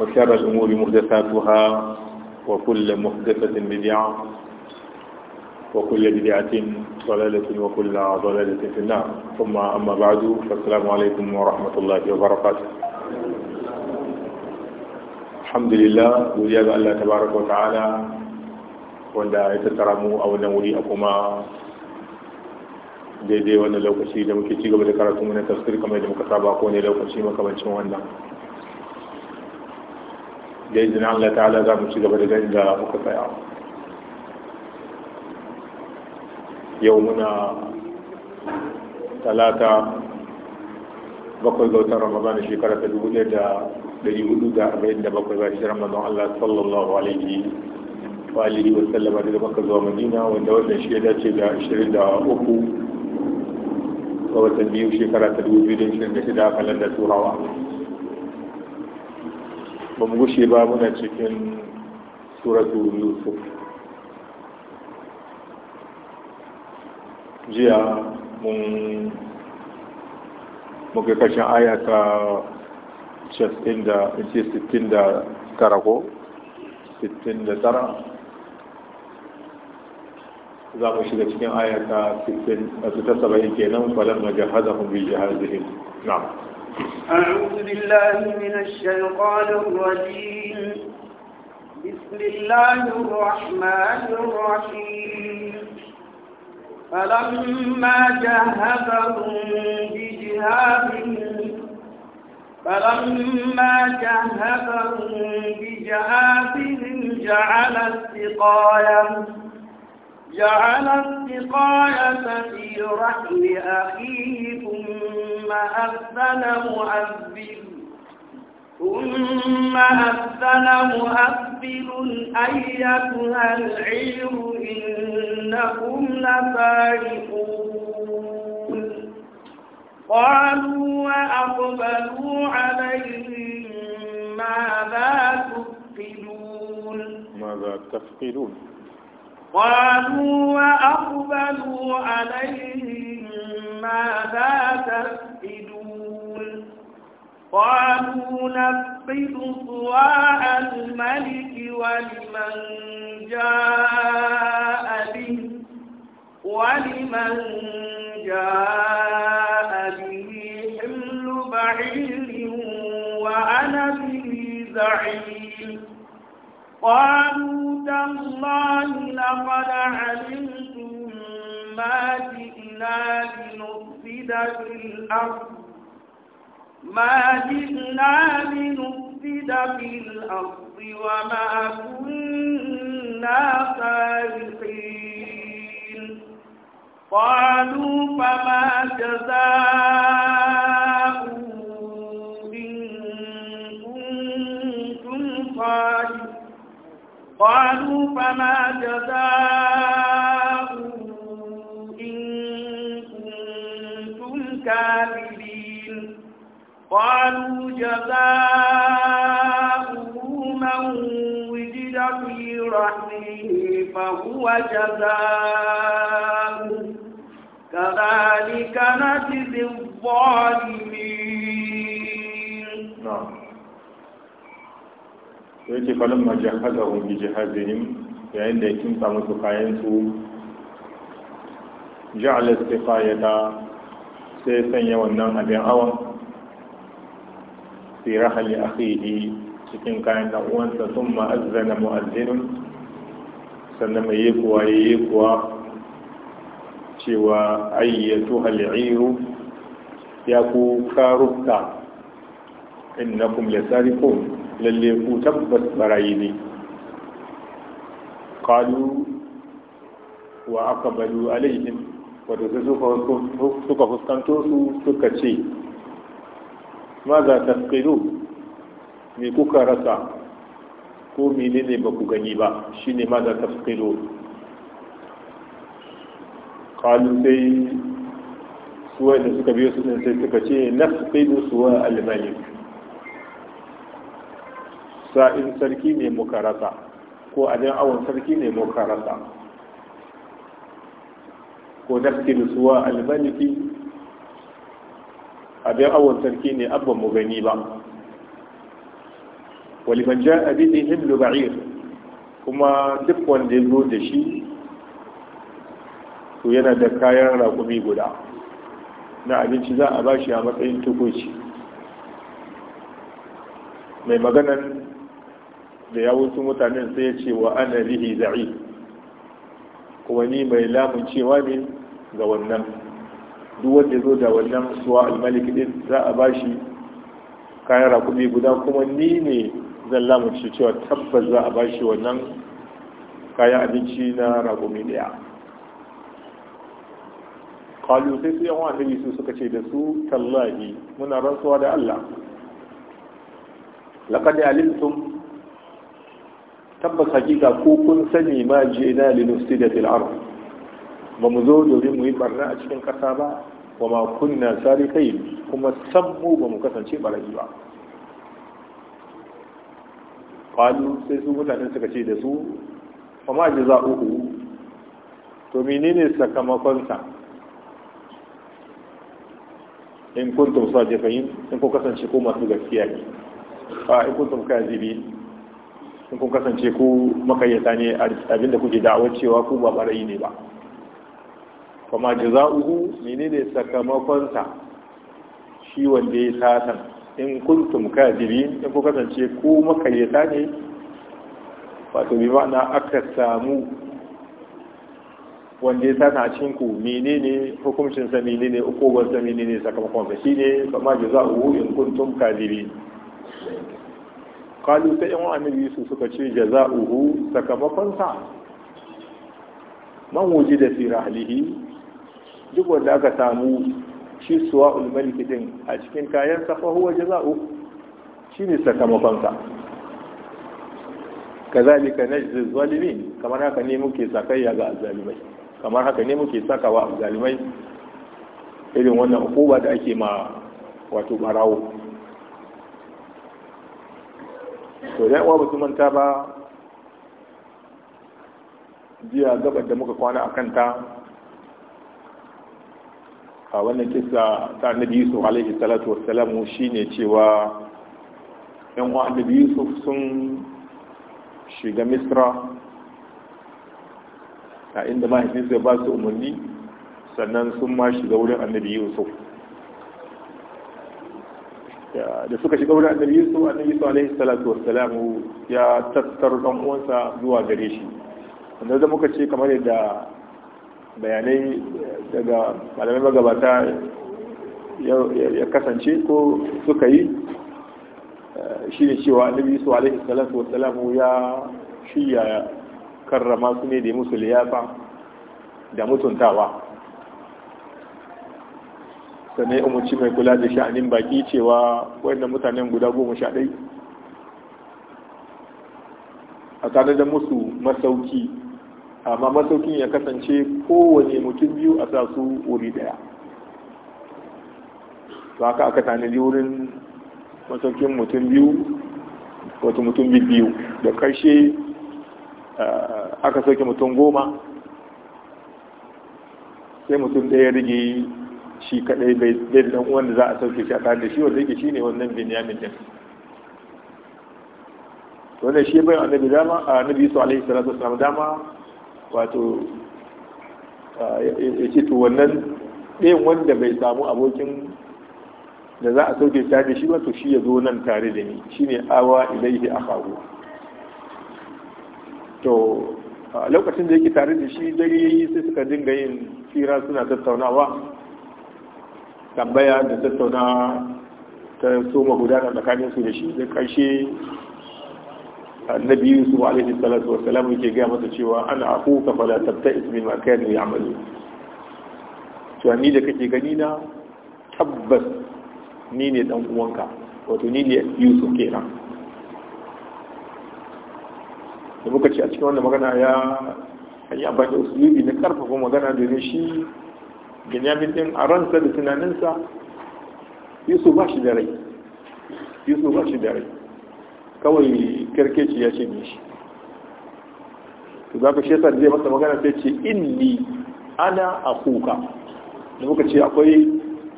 وشر الأمور محدثاتها وكل محدثة بدعة وكل بدعة ضلالة وكل ضلالة في النار ثم أما بعد فالسلام عليكم ورحمة الله وبركاته الحمد لله وجاب الله تبارك وتعالى وندا يتترمو أو نوري أكما دي دي وانا لو كشي دمكي تيغو بدكارتو من تذكركم يدمك سابقوني لو كشي مكبنش مواندا da izinin Allah ta'ala za mu ci gaba da gani da muka tsaya yau muna talata bakwai ga watan ramadan shekara ta dubu ɗaya da ɗari hudu da arba'in da bakwai bayan shi manzon Allah sallallahu alaihi wa alihi wa sallama daga maka zuwa madina wanda wannan shi ya dace da ashirin da uku ga watan biyu shekara ta dubu biyu da ashirin da shida a kalandar turawa ba mu gushe ba muna cikin suratu yusuf jiya mun muka kashin aya ta 69 ko 69 za mu shiga cikin aya ta 70 kenan falon majahazahun bi jihazihim na'am أعوذ بالله من الشيطان الرجيم بسم الله الرحمن الرحيم فلما جهزهم بجهادهم فلما جهزهم بجهادهم جعل السقاية جعل السقاية في رحل أخيه ثم أذن مؤذن أيتها العير إنكم لفارقون قالوا وأقبلوا عليهم ماذا تفقدون ماذا تفقدون قالوا وأقبلوا عليهم ماذا تفقدون قالوا نفقد صواع الملك ولمن جاء به ولمن جاء به حمل بعير وأنا به زعيم قالوا تالله لقد علمت ما جئنا لنفسد في الأرض ما جئنا لنفسد في الأرض وما كنا صالحين قالوا فما جزاء قالوا فما جزاؤه قالوا جزاؤه من وجد في رحمه فهو جزاؤه كذلك نجزي الظالمين نعم yake falon majahazahun yayin da ya kimsa musu kayansu ja'ala istiqayata sai sanya wannan abin awon fi rahali akhihi cikin kayan dan uwansa thumma azzana mu'azzinun sannan mai yi kuwa yi kuwa cewa ayyatu hal'iru ya ku karukta innakum lasariqun lalle ku tabbas barayi ne Kalu wa aka aqbalu alaihim wato sai suka fuskanto su suka ce maza tafkiru me kuka rasa ko menene ba ku gani ba shine maza tafkiru kalu sai suwa da suka biyo su sai suka ce nafkiru suwa almalik sa'in sarki ne muka rasa ko jan awon sarki ne muka rasa ko nafkiru suwa almaliki abin awon sarki ne abban mu gani ba waliman ja a bihi himlu ba'ir kuma duk wanda ya zo da shi to yana da kayan raƙumi guda na abinci za a bashi a matsayin tukuci mai maganan da ya wuce mutanen sai ya ce wa ana bihi za'i kuma ni mai lamun cewa ne ga wannan duk wanda zo da wannan suwa almalik din za a bashi kayan rakumi guda kuma ni ne zan lamunce cewa tabbas za a bashi wannan kayan abinci na rakumi daya kalu sai su yawan annabi su suka ce da su tallahi muna rantsuwa da Allah da alimtum tabbas hakika ko kun sani ma jina linus tidatil arziki ba mu zo domin mu yi barna a cikin ƙasa ba wa ma kunna sari kai kuma san mu ba mu kasance barayi ba qalu sai su mutanen suka ce da su ba ma jazaohu to menene sakamakon sa in kuntum sadiqin in ku kasance ko masu gaskiya ne a in kuntum zibi in kun kasance ko makayyata ne abinda kuke da'awar cewa ku ba barayi ne ba kuma jaza'uhu menene sakamakonsa shi wanda ya satan in kuntum kadirin in ku kasance ko makayyata ne wato bi ma'ana aka samu wanda ya satan a cikin ku menene hukuncinsa menene ukubarsa menene sakamakonsa shine kuma jaza'uhu in kuntum kadirin kalu ta yan annabi su suka ce jaza'uhu sa man wujida fi rahlihi duk wanda aka samu shi suwa ulmaliki din a cikin kayan safa huwa jaza'u shi ne ka kazalika najzi zalimin kamar haka ne muke sakayya ga zalimai kamar haka ne muke sakawa zalimai irin wannan hukuma da ake ma wato barawo to da uwa basu manta ba jiya gabar da muka kwana akan ta a wannan kisa ta annabi yusuf alaihi salatu wassalamu shine cewa yan uwan annabi yusuf sun shiga misra a inda mahaifinsa ba su umarni sannan sun ma shiga wurin annabi yusuf da suka shiga wurin annabi yusuf annabi yusuf alaihi salatu wassalamu ya tattar ɗan uwansa zuwa gare shi wanda zama muka ce kamar yadda bayanai daga malamai magabata ya kasance ko suka yi eh, shi ne cewa annabi su alaihi salatu Salamu ya shirya karrama su ne da musu liyafa da mutuntawa sannan ya umarci mai kula da sha'anin baki cewa wayannan mutanen guda goma sha ɗai a tare da musu masauki amma masaukin ya kasance kowane mutum biyu a sa su wuri daya to haka aka tanadi wurin masaukin mutum biyu wata mutum biyu da karshe eh, aka sauke mutum goma sai mutum ɗaya rige shi kaɗai bai da ɗan uwan da za a sauke shi a tare da shi wanda yake shine wannan Benjamin din wannan shi bai annabi dama annabi su alaihi salatu wasallam dama wato ya ce to wannan ɗayan wanda bai samu abokin da za a sauke ta shi ba to shi ya zo nan tare da ni shi ne awa ilaihi akhahu to a lokacin da yake tare da shi dare yi sai suka dinga yin fira suna tattaunawa tambaya da tattauna ta soma gudana tsakanin su da shi da ƙarshe. annabi yusuf alaihi salatu wasalam yake gaya masa cewa ana akuka fala ma bima kanu ya'malu cewa ni da kake gani na tabbas ni ne dan uwanka wato ni ne yusuf kenan da muka ce a cikin wannan magana ya yi abin da usulubi na karfafa magana da shi binyamin din a ransa da tunaninsa yusuf ba shi da rai yusuf ba shi da rai kawai karkeci ya ce mishi to za ka shesa zai masa magana sai ce inni ana a kuka da muka ce akwai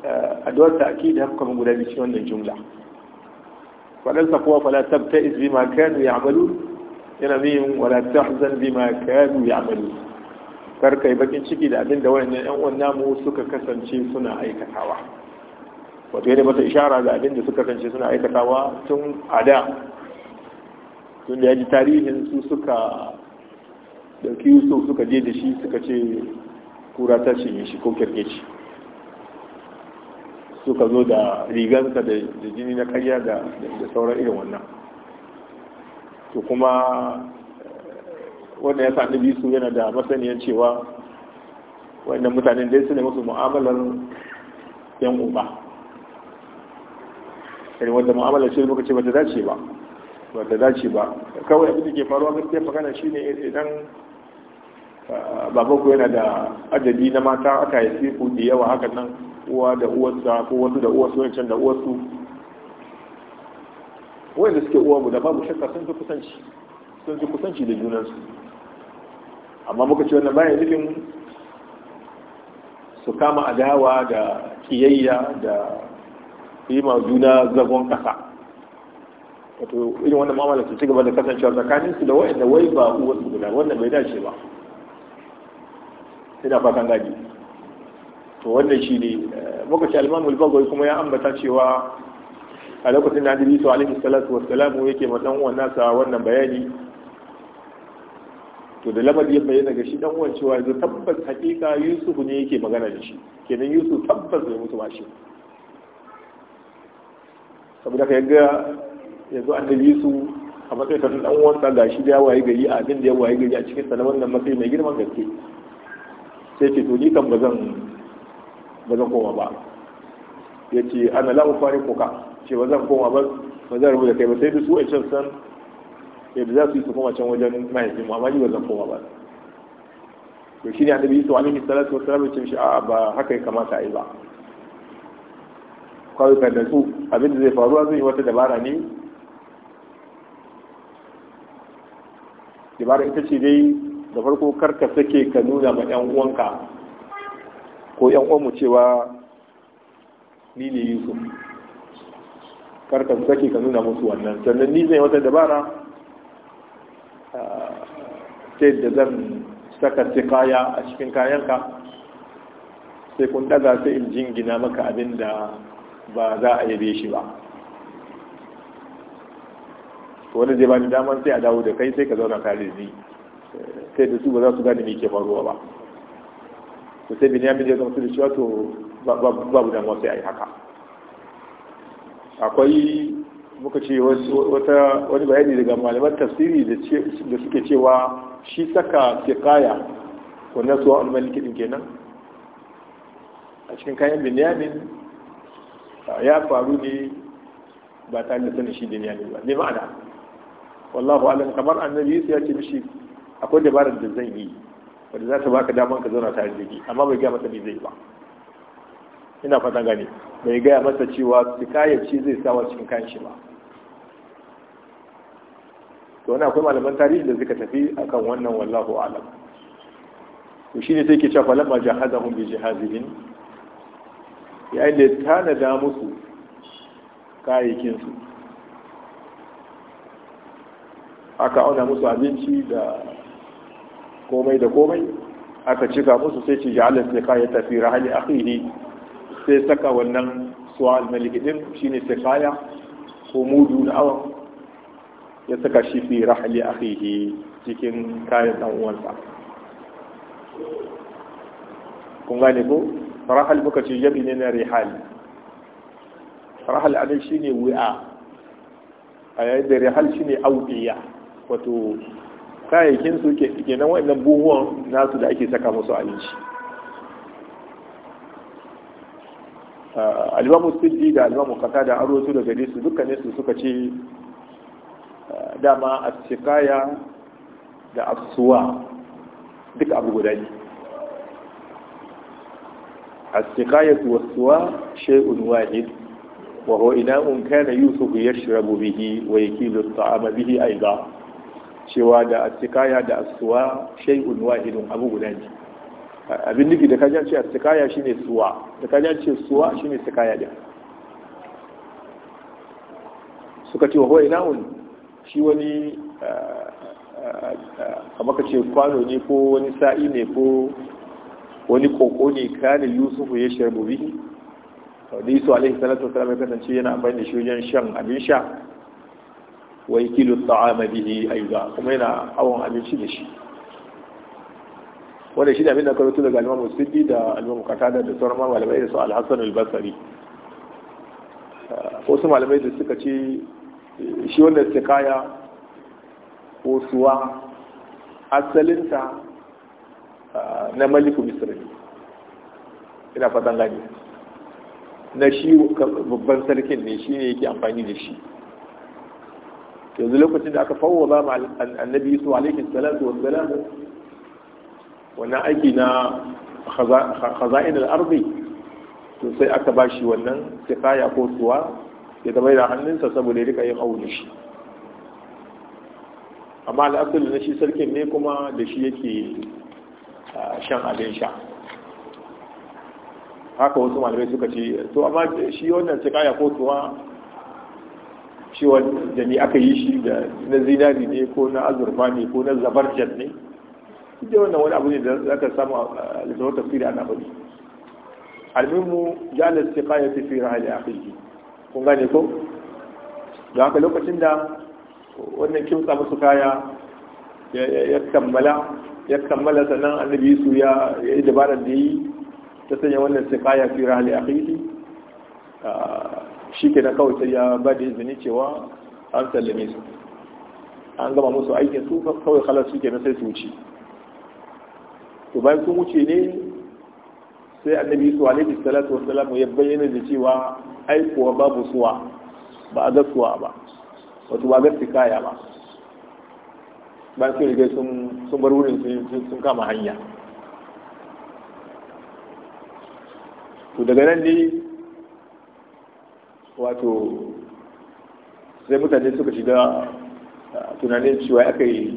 eh, addu'ar ta ake da haka guda bici wannan jumla faɗansa kuwa fala tabta iz bima kanu amalu yana min zan bi bima kanu ya'malu kar yi bakin ciki da abin da wayannan 'yan uwan namu suka kasance suna aikatawa wato yana mata ishara da abin da suka kasance suna aikatawa tun a da tunda ya ji tarihin su suka dauki yusuf suka je da shi suka ce kura ta cinye shi ko shi suka zo da rigansa da jini na karya da sauran irin wannan to kuma wanda ya sa annabi su yana da masaniyar cewa wannan mutanen dai su ne musu mu'amalar yan uba irin wanda mu'amalar ce muka ce ba ta dace ba ba ta dace ba kawai abin da ke faruwa gaskiya magana shine idan baban ku yana da adadi na mata aka haifi ku da yawa hakan nan uwa da uwarsa ko wasu da uwarsu can da uwarsu wanda suke uwa da babu shakka sun fi kusanci sun fi kusanci da junansu amma muka ce wannan bayan nufin su kama adawa da kiyayya da yi ma juna zagon kasa wato irin wannan mu'amala su ci gaba da kasancewa tsakanin su da da wai ba uwar su guda wannan bai dace ba ina fatan gadi to wannan shi ne eh, muka ce al-Imam kuma ya ambata cewa a lokacin da hadisi Isa alaihi salatu wassalam yake ma dan uwan nasa wannan bayani to da lamari ya bayyana ga shi dan uwan cewa yanzu tabbas hakika Yusuf ne yake magana da shi kenan Yusuf tabbas bai mutu ba shi saboda ka yaga yanzu annabi su a matsayin sa dan uwansa gashi da ya waye gari a abin da ya waye gari a cikin sa na wannan matsayi mai girman gaske sai ce to ni kan bazan bazan koma ba yace ana la ufariquka ce bazan koma ba bazan rubu da kai ba sai da su a can san yadda za su yi su koma can wajen mahaifin mu amma ni bazan koma ba to shi ne annabi yusuf alaihi salatu wasallam ya ce shi a ba haka ya kamata a yi ba kawai ka natsu abinda zai faruwa zai yi wata dabara ne ibara ita ce dai da farko karka sake ka nuna ma yan uwanka ko yan uwanmu cewa ni ne yusuf karka sake ka nuna musu wannan sannan ni zai wata dabara ta yadda zan saka kaya a cikin kayanka sai kun daga sai in jingina maka abin da ba za a yabe shi ba to wani zai bani daman sai a dawo da kai sai ka zauna tare da ni sai da su ba za su gane me ke faruwa ba to sai binyamin ya su da cewa to babu damuwa sai a yi haka akwai muka ce wani bayani daga malaman tafsiri da suke cewa shi saka kaya wannan suwa alman din kenan a cikin kayan binyamin ya faru ne ba tare da sanin shi binyamin ba ne ma'ana wallahu alam kamar annabi ya ce mishi akwai dabarar da zan yi wanda za ta baka daman ka zauna tare da ni amma bai gaya masa me zai ba ina fatan gane bai gaya masa cewa sikayaci zai sawa cikin kayan shi ba to wani akwai malaman tarihi da suka tafi akan wannan wallahu alam to shine sai ke cewa falamma jahazahum bi jihazihim yayin da tanada musu kayayyakin su aka auna musu abinci da komai da komai aka cika musu sai ci ja'alar sika ya tafi rahali akhihi sai saka wannan suwa shi ne sai kaya ko mudu na awon ya saka shi fi rahali akhihi cikin kayan ɗan'uwansa kun gane ko rahal muka ce yabi ne na rihali rahal shi ne wi'a a yayin da rihal ne audiya wato kayayyakin su ke kenan wa'annan buhuwan nasu da ake saka musu abinci ah, alibamu sirri da alibamu kasa da aroto daga da dukkanin su suka ce ah, dama a shikaya da asuwa duk abu guda ne a shikaya wasuwa shay'un wahid wa huwa ina'un kana yusufu shirabu bihi wa yakilu at'ama bihi aidan cewa da astikaya da asuwa shay'un wahidun abu guda ne abin nufi da kaji ce astikaya shine suwa da kaji ce suwa shine astikaya da suka ce wa huwa wani shi wani kamar ka ce kwano ne ko wani sa'i ne ko wani koko ne kana yusufu ya shirbu bihi da yusuf alaihi salatu wasalam ya kasance yana amfani da shi wajen shan abin sha wai yakilu ta'ama bihi aiza kuma yana awon abinci da shi wanda shi da abin da karatu daga al-Imam Siddi da al-Imam Qatada da sauran malamai da su al-Hasan al su eh, wasu malamai da suka ce eh, shi wanda kaya ko suwa asalinta eh, na maliku misri ina fatan gani na shi babban sarkin ne shi ne yake amfani da shi yanzu lokacin da aka fawwada ma annabi yusuf alaikin salatu salamu wannan aiki na khaza'in al'arbi to sai aka bashi wannan sifaya ko suwa ya zama da hannunsa saboda ya rika yin aure shi amma al'adun na shi sarkin ne kuma da shi yake shan abin sha haka wasu malamai suka ce to amma shi wannan sifaya ko suwa cewa da ne aka yi shi da na zinari ne ko na azurfa ne ko na zabarjan ne ita wannan wani abu ne da za ka samu a littafin tafsiri ana bari almimu jalar siƙaya ta fi rahali a kai kun gane ko da haka lokacin da wannan kimtsa musu kaya ya kammala ya kammala sannan annabi su ya yi dabarar da yi ta sanya wannan siƙaya fi rahali a kai shi ke na kawai sai ya ba da izini cewa an sallame su an gama musu aikin su kawai halar su ke na sai su wuce to bayan sun wuce ne sai annabi su alaihi salatu wasalam ya bayyana da cewa aikowa babu suwa ba a ga suwa ba wato ba ga kaya ba bayan sun riga sun bar wurin sun kama hanya to daga nan ne wato sai mutane suka shiga tunanin cewa aka yi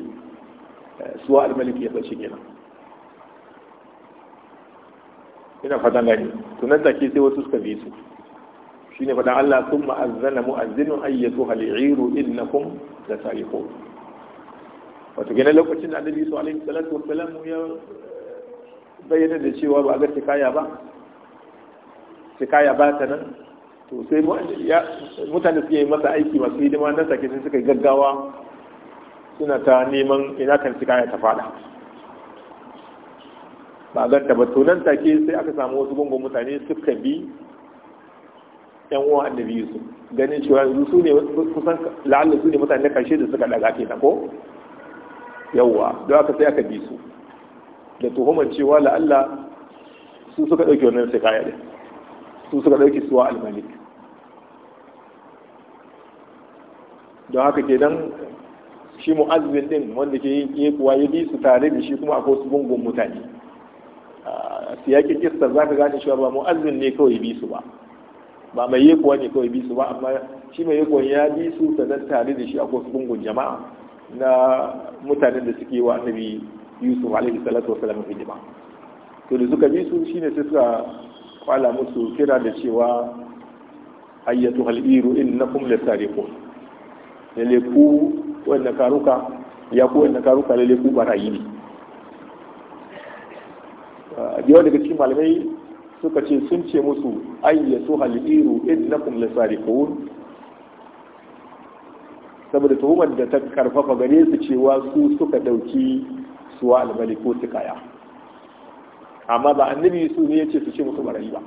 suwa almaliki ya bace gina ina fata gani tunan take sai wasu suka bi su ne fata Allah sun ma'azzana mu'azzinun ayyatu hal'iru innakum da sariqu wato gina lokacin da annabi su alaihi salatu wassalam ya bayyana da cewa ba a ga kaya ba kaya ba ta nan to sai mutane suke yi masa aiki masu hidima nan take sai suka gaggawa suna ta neman ina kan cika ya ta ba ganta ba to nan take sai aka samu wasu gungun mutane suka bi yan uwa annabi yusuf ganin cewa yanzu su ne kusan la'alla su ne mutane na karshe da suka daga kenan ko yawwa don aka sai aka bi su da tuhumar cewa la'alla su suka dauke wannan sai kaya din su suka ɗauki suwa almalik. don haka ke dan shi mu'azzin din wanda ke yin kuwa ya bi su tare da shi kuma a su gungun mutane siyakin kistar za ka gane cewa ba mu'azzin ne kawai bi su ba ba mai yi kuwa ne kawai bi su ba amma shi mai yi kuwa ya bi su sannan tare da shi a su gungun jama'a na mutanen da suke wa annabi yusuf alaihi salatu wasalam hijima to da suka bi su shine sai suka kwala musu kira da cewa ayyatu hal'iru innakum lasariqun lalle ku wanda karuka ya ku wanda karuka lalle ku barayi ne ah, yawa daga cikin malamai suka ce sun ce musu ayyatu hal'iru innakum lasariqun saboda tuhumar da ta karfafa gare su cewa su suka dauki suwa almalik ko su kaya amma ba annabi su ne ya ce su ce musu barayi ba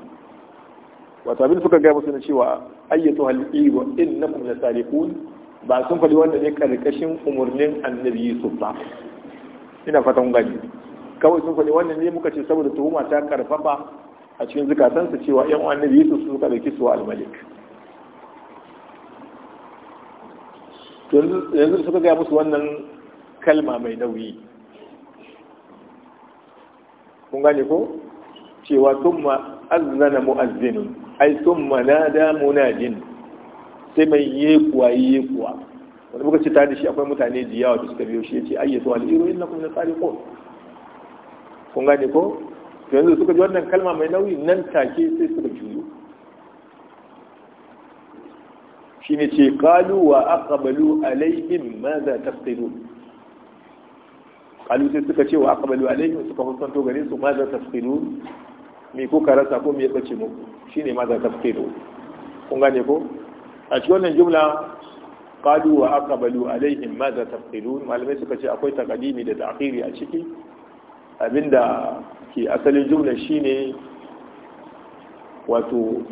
wato abin suka gaya musu na cewa ayyatu halibu innakum lasalihun ba sun faɗi wanda ne karkashin umarnin annabi yusuf ba ina fatan gani kawai sun faɗi wanda ne muka ce saboda tuhuma ta karfafa a cikin zukatansa cewa yan annabi yusuf suka dauki su al-malik yanzu suka gaya musu wannan kalma mai nauyi kun gani ko cewa thumma azzana mu'azzinu ai thumma nada munajin sai mai yekuwa yekuwa wani muka ce tare shi akwai mutane jiyawa da suka biyo shi ya ce ayyatu al-iru innakum lasariqun kun gani ko to yanzu suka ji wannan kalma mai nauyi nan take sai suka juyo shine ce qalu wa aqbalu alaihim madha tafqidun kalu sai suka ce wa aqbalu alaihi suka fuskanto gare su ma za tafkilu ko kuka rasa ko me ya bace muku shine ma za tafkilu kun gane ko a cikin wannan jumla qalu wa aqbalu alaihim ma za tafkilun malamai suka ce akwai takadimi da ta'khiri a ciki abinda ke asalin jumla shine wato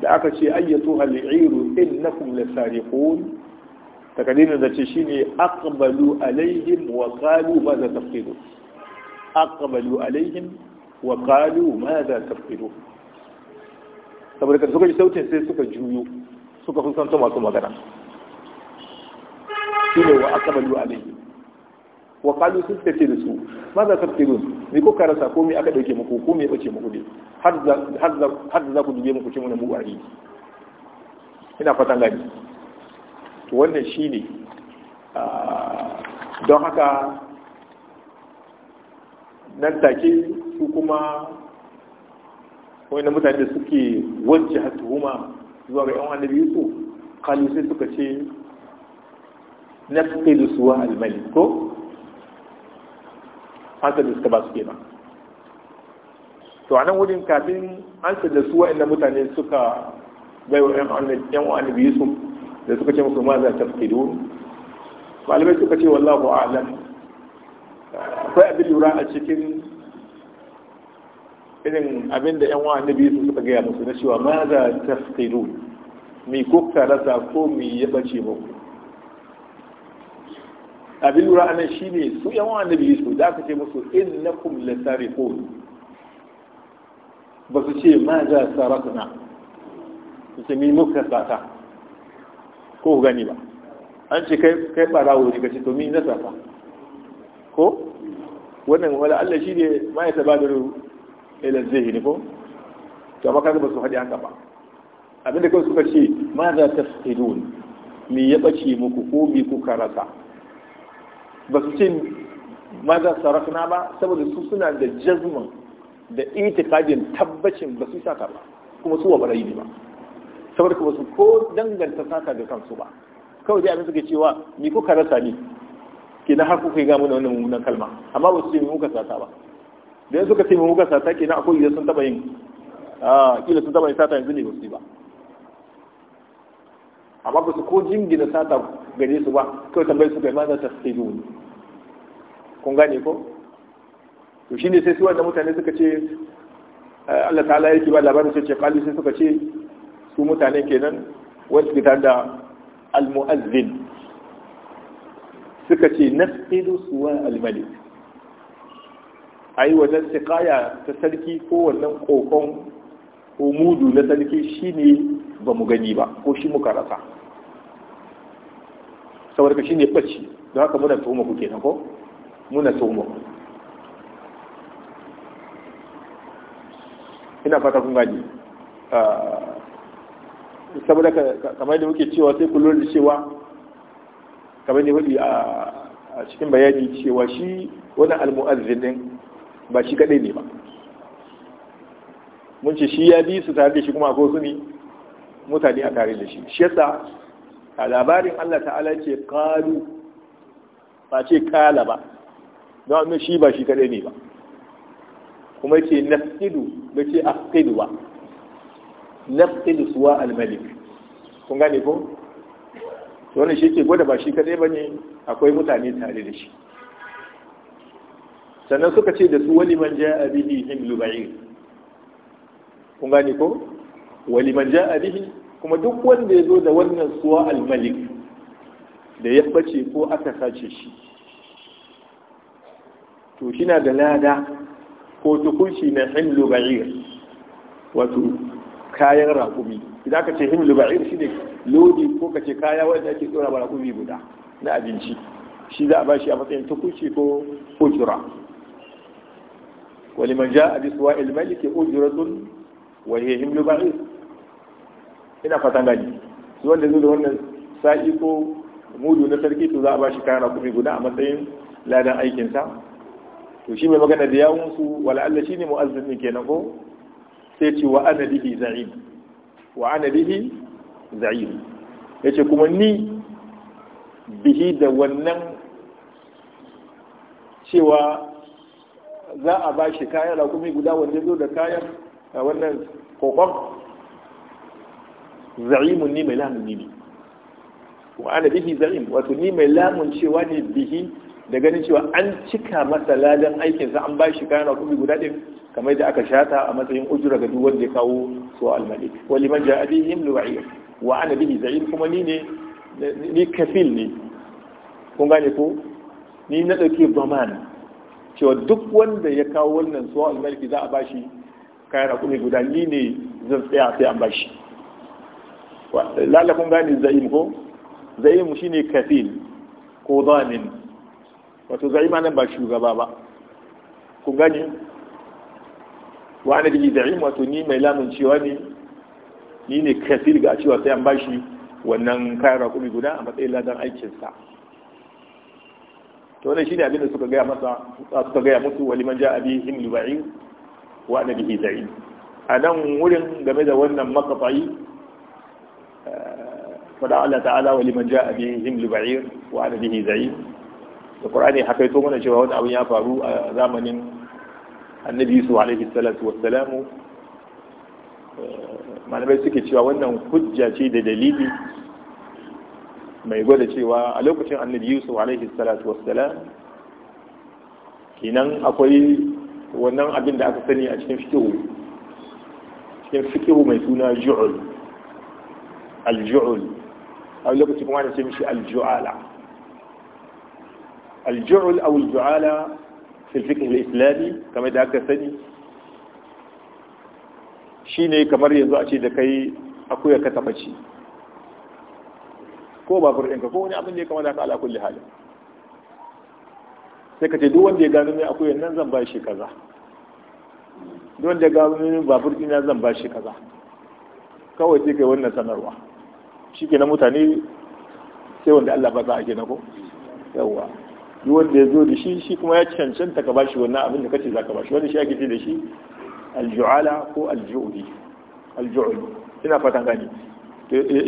da aka ce ayyatu al-iru innakum lasariqun takadirin da ce shine aqbalu alaihim wa qalu ma za tafqidu aqbalu alaihim wa qalu ma za tafqidu saboda kan suka ji sautin sai suka juyo suka fuskanto masu magana shine wa aqbalu alaihim wa qalu sun tace da su ma za tafqidu ni ko karasa ko me aka dauke muku ko me bace muku ne, har za har za ku dube muku ce mun mu ina fatan gani to wannan shi ne ah, don haka nan take su kuma wani mutane da suke wance tuhuma zuwa ga 'yan annabi su kalu sai suka ce n'a da suwa al ko haka da suka ba su ba to a nan wurin kafin an da suwa inda mutane suka bai wa 'yan annabi su da suka ce musu ma za ta fi malamai suka ce wallahu a'lam akwai abin lura a cikin irin abin da 'yan wa biyu su suka gaya musu na cewa ma za ta fi mai kuka rasa ko mai ya bace muku abin lura a nan shi ne su 'yan wa biyu su da aka ce musu in na innakum ko? ba su ce ma za na, su ce mai muka sata ko gani ba an ce kai barawo ne ka ce to mi na safa ko wannan wala Allah shi ne ma ya tabadaru ila zihni ko to amma kaga ba su haɗe haka ba abinda kai suka ce ma za ta fidun me ya ɓace muku ko me ku karasa ba su ce ma za su rafina ba saboda su suna da jazman da itikadin tabbacin ba su saka ba kuma su wa barayi ne ba saboda kuma su ko danganta saka da kansu ba kawai dai abin suke cewa ni kuka rasa ni ke na haku kai gamu da wannan mummunan kalma amma ba su ce muka sata ba da suka ce muka sata ke na akwai idan sun taba yin a kila sun taba yin sata yanzu ne ba su yi ba amma ba su ko jingina sata gare su ba kawai tambayi su kai ma za ta sai duhu kun gane ko to shine sai su wanda mutane suka ce eh, Allah ta'ala yake ba labarin sai ce kalu sai suka ce su mutane kenan wasu fitar da almu'azzin suka ce nasidu suwa almalik yi wajen tsikaya ta sarki ko wannan kokon ko mudu na sarki ne ba mu gani ba ko shi muka rasa saboda ka ne bacci don haka muna tuhuma ku kenan ko muna tuhuma ku ina fata kun gani ah, saboda kamar da muke cewa sai kullum da cewa kamar da wadi a cikin bayani cewa shi wani almu'azzin din ba shi kadai ne ba mun ce shi ya bi su tare da shi kuma akwai su ne mutane a tare da shi shi yasa a labarin Allah ta'ala ce kalu ba ce kala ba don amma shi ba shi kadai ne ba kuma ce nasidu ba ce aqidu ba naqtil suwa al-malik kun gane ko Wani shi ke gwada ba shi kadai bane akwai mutane tare da shi sannan suka ce da su wali man ja'a bihi him ba'ir kun gane ko wali man ja'a bihi kuma duk wanda ya zo da wannan suwa al-malik da ya bace ko aka sace shi to shi na da lada ko tukunci na himlu ba'ir wato kayan raƙumi idan ka ce himlu ba'ir shi ne lodi ko ka ce kaya wanda ake tsora ba raƙumi guda na abinci shi za a bashi a matsayin tukuci ko ujura wani man ja a bisuwa ilmali ke ujuratun wahe himlu ba'ir ina fatan gani su wanda zuwa wannan sa'i ko mudu na sarki to za a bashi kayan raƙumi guda a matsayin ladan aikinsa to shi mai magana da su wala'alla shi ne mu'azzin kenan ko sai ce wa ana bihi za'im wa ana bihi za'im yace kuma ni bihi da wannan cewa za a ba shi kayan rakumi guda wanda zo da kayan a wannan kokon za'imun ni mai lamun ni ne wa ana bihi za'im wato ni mai lamun cewa ne bihi da ganin cewa an cika masa ladan aikinsa an ba shi kayan rakumi guda ɗin kamar da aka shata a matsayin ujura ga duwan da ya kawo su almali Wani man liman ja'a bihi himlu wa ana bihi za'in kuma ni ne ni kafil ne kun gane ko ni na dauke baman cewa duk wanda ya kawo wannan su almali za a bashi kayan kuma guda ni ne zan tsaya sai an bashi lalafin gane za'im ko shi ne kafil ko zamin wato ma nan ba shugaba ba kun gane wa da bihi da'im wato ni mai cewa ne ni ne kafir ga cewa sai an bashi wannan kayan rakumi guda a matsayin ladan aikinsa to wannan shine abin da suka gaya masa suka gaya musu wali man ja'a bi himmi ba'in wa ana bihi da'im a nan wurin game da wannan maqta'i eh, fada Allah ta'ala wa liman ja'a bi himmi ba'i wa ana bihi da'im da qur'ani hakaito mana cewa wani abin ya faru a zamanin annabi yusuf alaihi salatu wassalamu eh, malamai suke cewa wannan hujja ce da dalili mai gwada cewa a lokacin annabi yusuf alaihi salatu wassalam kenan akwai wannan abin da aka sani a cikin fikihu cikin fikihu mai suna ju'ul al-ju'ul a lokacin kuma da ce mishi al-ju'ala al-ju'ul aw al-ju'ala fil islami kamar da aka sani ne kamar yanzu a ce da kai akuya ka tafaci ko babur ɗinka ko wani abin da ya da aka ala kulli halin sai ka ce duk wanda ya gano mai akuyan nan zan ba shi kaza duk wanda ya gano mai babur ɗina zan ba shi kaza kawai sai kai wannan sanarwa shi ke na mutane sai wanda Allah ba za a gina ko yawwa yi wanda ya zo da shi shi kuma ya cancanta ka bashi wannan abin da kace za ka bashi wani shi ake ce da shi aljuala ko aljuudi aljuudi ina fatan gani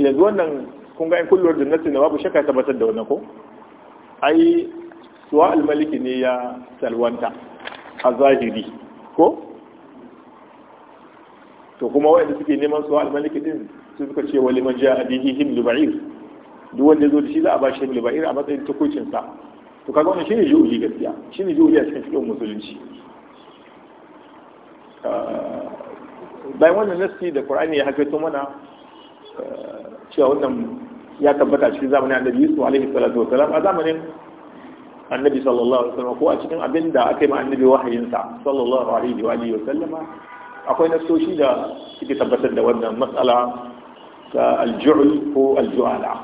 yanzu wannan kun ga in kullum da nasi na babu shakka tabbatar da wannan ko ai suwa almaliki ne ya salwanta a zahiri ko to kuma waɗanda suke neman suwa almaliki din su suka ce wali man ja'a bihi himlu ba'ir duk wanda ya zo da shi za a bashi himlu ba'ir a matsayin tukucin sa to kaga wannan shine juhudi gaskiya shine juhudi a cikin cikin musulunci ah, bayan wannan nasi da qur'ani ya hakaito mana ah, cewa wannan ya tabbata cikin zamanin annabi yusuf alaihi salatu wa salam a zamanin annabi sallallahu alaihi wasallam ko a cikin abin da aka yi ma annabi wahayinsa sallallahu alaihi wa alihi wa akwai nasoshi da suke tabbatar da wannan matsala ta aljul ko aljuala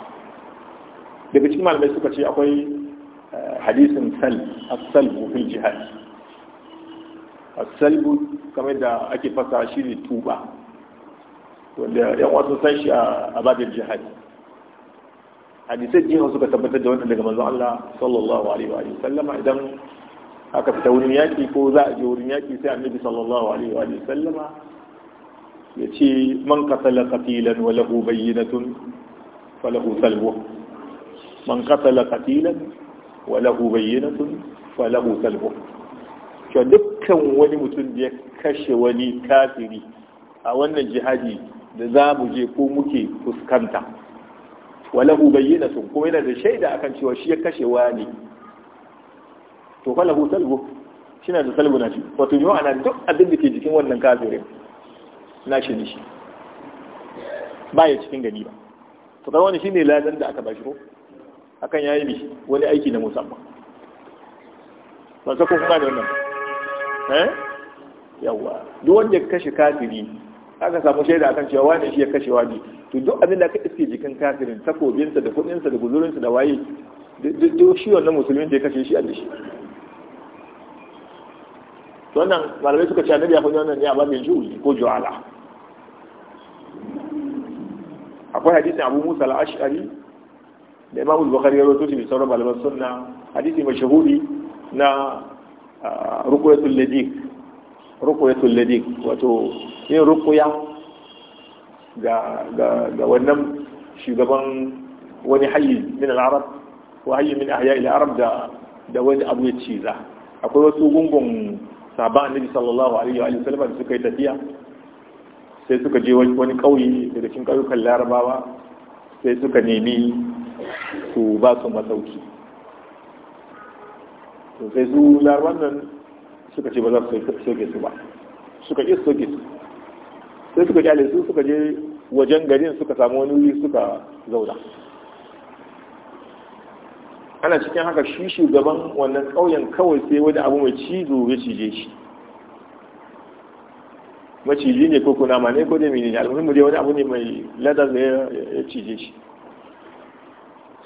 daga cikin malamai suka ce akwai hadisin sal as-salbu fil jihad as-salbu kamar da ake fasa shi ne tuba wanda yan wasu san shi a babin jihad hadisai jiha suka tabbatar da wannan daga manzon Allah sallallahu alaihi wa sallama idan aka fita wurin yaki ko za a je wurin yaki sai annabi sallallahu alaihi wa sallama ya ce man kasala qatilan wa lahu bayyinatun falahu salbu man kasala qatilan wa lahu bayyinatun fa lahu salbu to dukkan wani mutum da ya kashe wani kafiri a wannan jihadi da za mu je ko muke fuskanta wa lahu bayyinatun kuma yana da shaida akan cewa shi ya kashe wani to fa lahu salbu na da salbu na shi wato yau ana duk abin da ke jikin wannan kafirin na shi ne shi ba ya cikin gani ba to kai wani shine ladan da aka bashi ko akan yayi mishi wani aiki na musamman ba sa kuma da wannan eh yawa duk wanda ya kashe kafiri aka samu shaida akan cewa wani shi ya kashe wani to duk abin da aka iske jikin kafirin takobinsa da kudinsa da guzurinsa da waye duk shi wannan musulmin da ya kashe shi a dashi wannan malamai suka ce annabi ya faɗi wannan ne a babin juhuli ko ju'ala akwai hadisin abu musa al-ash'ari da imamu bukhari ya rawaito shi sauran malaman sunna hadisi mashahuri na ruqyatul ladik ruqyatul ladik wato yin ruqya ga ga wannan shugaban wani hayyi min al-arab ko hayyi min ahya al-arab da da wani abu ya ciza akwai wasu gungun sahaba annabi sallallahu alaihi wa sallam da suka yi tafiya sai suka je wani kauye daga cikin kauyukan larabawa sai suka nemi su ba su masauki to sai su larabar nan suka ce ba za su soke su ba suka ƙi soke su sai suka kyale su suka je wajen garin suka samu wani wuri suka zauna ana cikin haka shi shugaban wannan ƙauyen kawai sai wani abu mai cizo ya cije shi maciji ne ko kuna ma ne ko da mai ne dai wani abu ne mai ladar da ya cije shi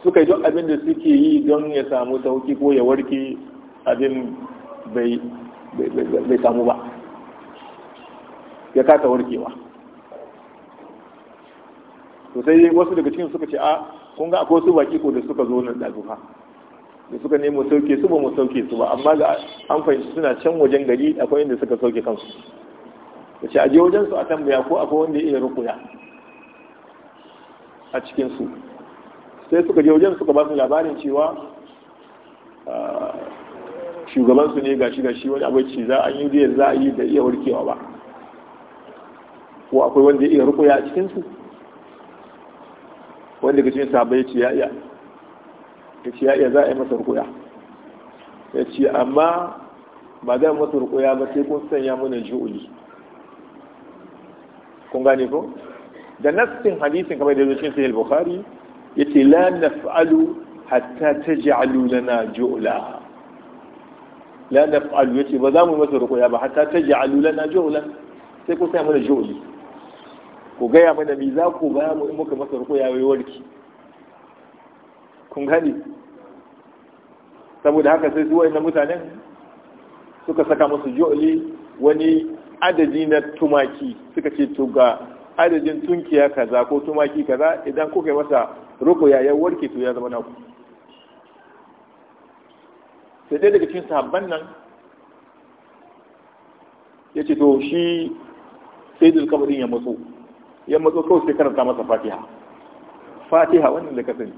suka yi don abin da suke yi don ya samu sauki ko ya warke abin bai samu ba ya kata warkewa to sai wasu daga cikin suka ce a kun ga akwai su baki ko da suka zo nan dazufa da suka nemo sauke su ba mu sauke su ba amma ga an fahimci suna can wajen gari akwai inda suka sauke kansu da ce a je wajen su a tambaya ko akwai wanda ya iya rukuya a cikin su sai suka je wajen suka ba su labarin cewa ah, shugabansu ne ga shi ga shi wani abinci za a yi da za a yi da iya warkewa ba ko akwai wanda ya iya rukuya a cikinsu wanda ga cikin ya ce ya iya ya ce ya iya za a yi masa rukuya ya ce amma ba zai masa rukuya ba sai kun sanya mana ju'uli kun gane ko da nassin hadisin kamar da zuciyar sahih bukhari yace la naf'alu hatta taj'alu lana ju'la la naf'alu yace ba za mu masa rukuya ba hatta taj'alu lana ju'la sai ku sai mana ju'li ku gaya mana me za ku ba mu in muka masa rukuya wai warki kun gani saboda haka sai su wayannan mutanen suka saka musu ju'li wani adadi na tumaki suka ce to ga adadin tunkiya kaza ko tumaki kaza idan kuka yi masa roƙo ya warke to ya zama naku sai dai daga cikin sahabban nan ya ce to shi sai da kabarin ya matso ya matso kawai sai karanta masa fatiha fatiha wannan da kasan